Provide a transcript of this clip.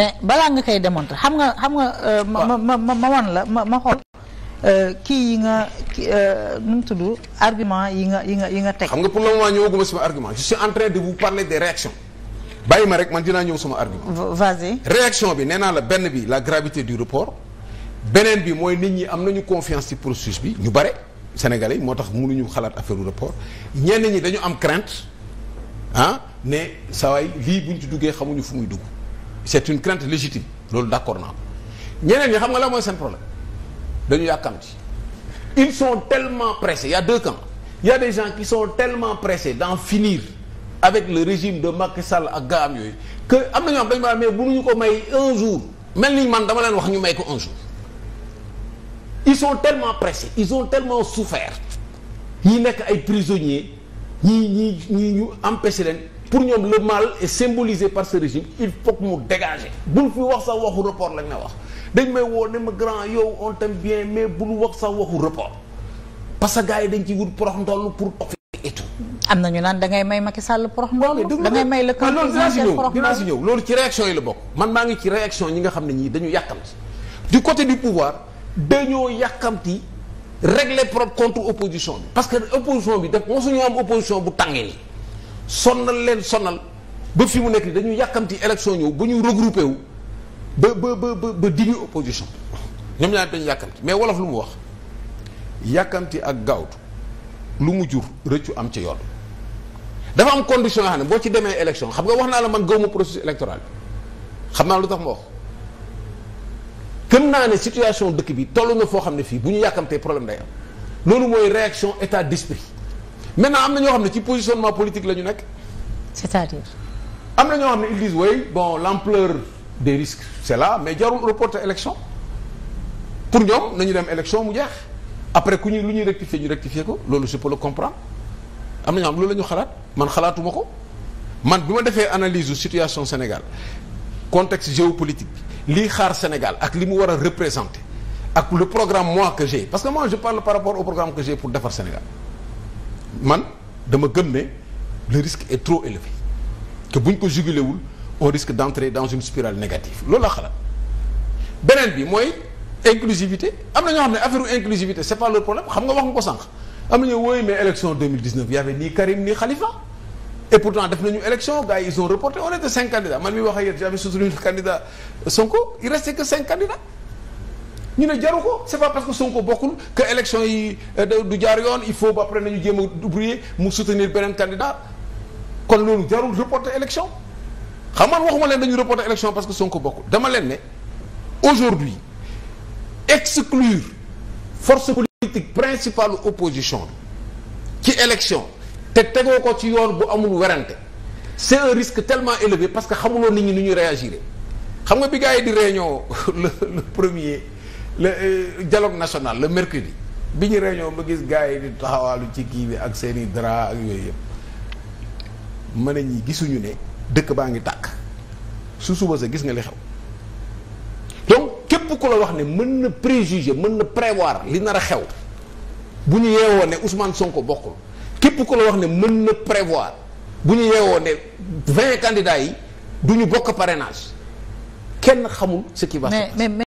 mais balaa nga kay démontrer xam nga xam nga. Euh, ma ma ma ma wan la ma ma xool. Euh, kii yi nga kii euh, nu mu tudd argument yi nga yi nga yi nga teg. xam nga pour le moment ñëwaguma sama argument je suis en train de vous parler des réactions bàyyi ma rek man dinaa ñëw sama argument. vas réaction bi nee naa la benn bi la gravité du report beneen bi mooy nit ñi am nañu confiance ci processus bi ñu bare Sénégalais yi moo tax mu ñu xalaat affaire u report ñenn ñi dañu am crainte ah ne saa waay lii buñ ci duggee xamuñu fu muy dugg. c'est une crainte légitime loolu d'accord naa ko ñeneen ñi xam nga la mooy seen problème dañu yàkkamti ils sont tellement pressés il y a deux camps il y a des gens qui sont tellement pressés d'en finir avec le régime de Macky Sall ak gaam yooyu que am na ñoo xam dañu ma mais mënuñu ko may un jour mel ni man dama leen wax ñu may ko un jour ils sont tellement pressés ils ont tellement souffert ñi nekk ay prisonniers ñi ñi ñi ñu empêché leen pour ñoom le mal est symbolisé par ce régime il faut que mu dégager bul fi wax sax waxu report lañ na wax dañ may woo ne ma grand yow on t'aime bien mais bul wax sax waxu report parce que gars yi dañ ci wut porox ndoll pour toog et tout. am na ñu naan da ngay may Macky Sall porox ndoll. da ngay may le président porox ndoll dinaa si ñëw loolu ci réaction yi la bokk. man maa ngi ci réaction ñi nga xam ne ñii dañu yàkkamti du côté du pouvoir dañoo yàkkamti régler propre contre opposition bi. parce que opposition bi daf mosuñu am opposition bu tàngee nii. sonnal leen sonnal ba fi mu nekk ni dañu yàkkamti élection ñëw ba ñu regroupé wu ba ba ba ba dimi opposition ñoom ñaar dañu yàkkamti mais wolof lu mu wax yàkkamti ak gaawtu lu mu jur rëccu am ci yoon dafa am condition yoo xam boo ci demee élection xam nga wax naa la man gëwma processus électoral bi xam naa lu tax ma wax gëm naa ne situation dëkk bi toll na foo xam ne fii bu ñu yàkkamtee problème day am loolu mooy réaction état d'esprit maintenant am na ñoo xam ne ci positionnement politique la ñu nekk. c'est-à-dire. am na ñoo xam ne ils disent oui bon l'ampleur des risques c'est la mais jarul reporter élection pour ñoom nañu dem élection mu jeex après ku ñu lu ñuy rectifier ñu rectifier ko loolu je peux le comprendre am na ñoo xam loolu la ñu xalaat man xalaatuma ko man bi ma defee analyse situation Sénégal contexte géopolitique bi lii xaar Sénégal ak li mu war a représenter ak le programme moi que j'ai parce que moi je man dama gëm ne le risque est trop élevé bu ñu ko jugulé wul on risque d'entrer dans une spirale négative loolu la xalaat beneen bi mooy inclusivité am na ñoo xam ne affaire inclusivité c'est pas leur problème xam nga wax nga ko sànq am nañu wooyu mais élection 2019 il y avait ni Karim ni Khalifa et pourtant def nañu élection gars yi ils ont reporté on était cinq candidats man mi wax ak yéen j'avais soutenu le Sonko il restait que cinq candidats ñu ne jaru ko c'est parce que ko bokkul que élection yi euh, du jaar yoon il faut ba après nañu jéem a débrouiller mu soutenir beneen candidat kon loolu jarul reporter élection xam man waxuma leen dañu reporter élection parce que Sonko bokkul dama leen ne aujourd'hui exclure force politique principale opposition ci élection te tegoo ko ci yoon bu amul werante c'est un risque tellement élevé parce que xamuloo nit ñi ni ñuy réagir xam nga bi gars yi di réunion le le premier le euh, dialogue national la mercredi bi ñu réunion ma gis gars yi taxawaalu ci kii bi ak seen i drap ak yooyu yëpp mën a ñi gisuñu ne dëkk baa ngi tàkk su suba sa gis nga li xew donc képp ko la wax ne mën na préjuger mën na prévoir li nar a xew bu ñu yeewoo ne Ousmane Sonko bokkul képp ko la wax ne mën na prévoir bu ñu yeewoo ne vingt candidats yi du ñu bokk parrainage kenn xamul ce qui va se